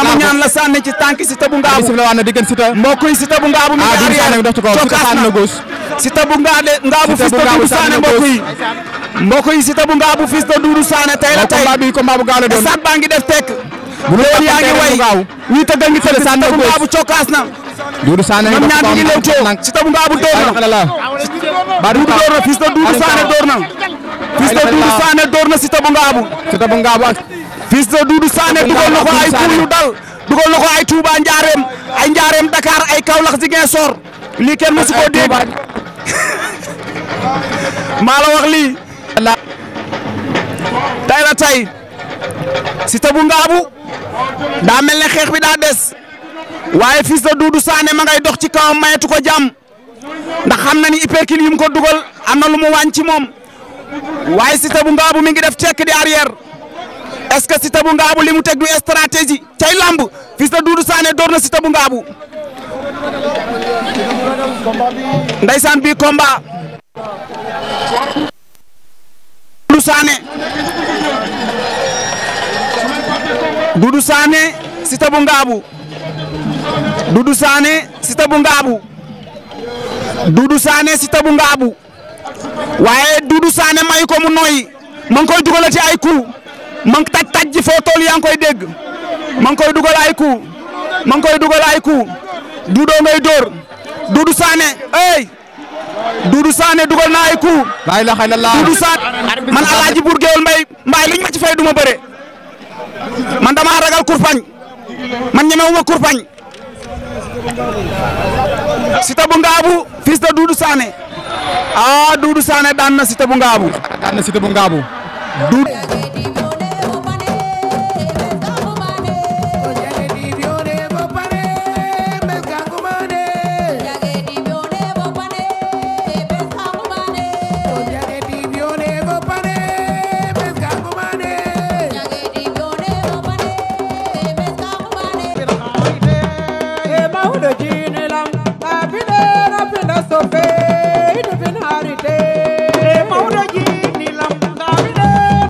la mu ñaan bu Ngaabu bismillah wa na diggan Siteu mbokk yi Siteu bu Ngaabu mi ngi arrière dox ci kaw Siteu sànni na gauche Siteu bu Ngaabu Ngaabu fils de Doudou Sané mbokk yi mbokk yi Siteu bu Ngaabu fils de Doudou Sané tey la tey bu gaaw la baa bu Ngaabu cokkaas door na ba Doudou door na door na fils de Doudou Sané door na Siteu bu Ngaabu fils de Doudou Sané dugal na ko ay coup yu dal na ko ay Touba Njaareem ay Njaareem Dakar ay Kaolack Ziguinchor lii kenn mësu koo dégg maa lii tay tay Siteu bu Ngaabu daa mel ne xeex bi daa des waaye fils de Doudou Sané ma dox ci kawam mayatu ko jàmm ndax xam na ni hypercule yi ko dugal am na lu mu wàññi ci moom waaye Siteu bu Ngaabu mi ngi def cekk di arrière est-ce que Siteu Ngaabu li mu teg du stratégie cay lamb Fils de Doudou Sané door na Siteu Ngaabu ndeysaan bi combat Ngaabu waaye Doudou Sané may ko mu noyyi ma koy dugalati ay ku ma ngi taj taj ji ngi koy dégg ma ngi koy dugal ay coup ma ngi koy dugal ay coup duudoo ngay dóor Doudou Sané ey Doudou Sané dugal na ay coup la ilaha illallah Doudou Sané man alaaji buur géwél mbay mbaay ma ci fay duma bëre man dama ragal kurpañ man ñemewuma kurpañ Siteu bu Ngaabu fils de Doudou Sané ah Doudou Sané daan na Siteu bu Ngaabu daan na Siteu bu Ngaabu Doudou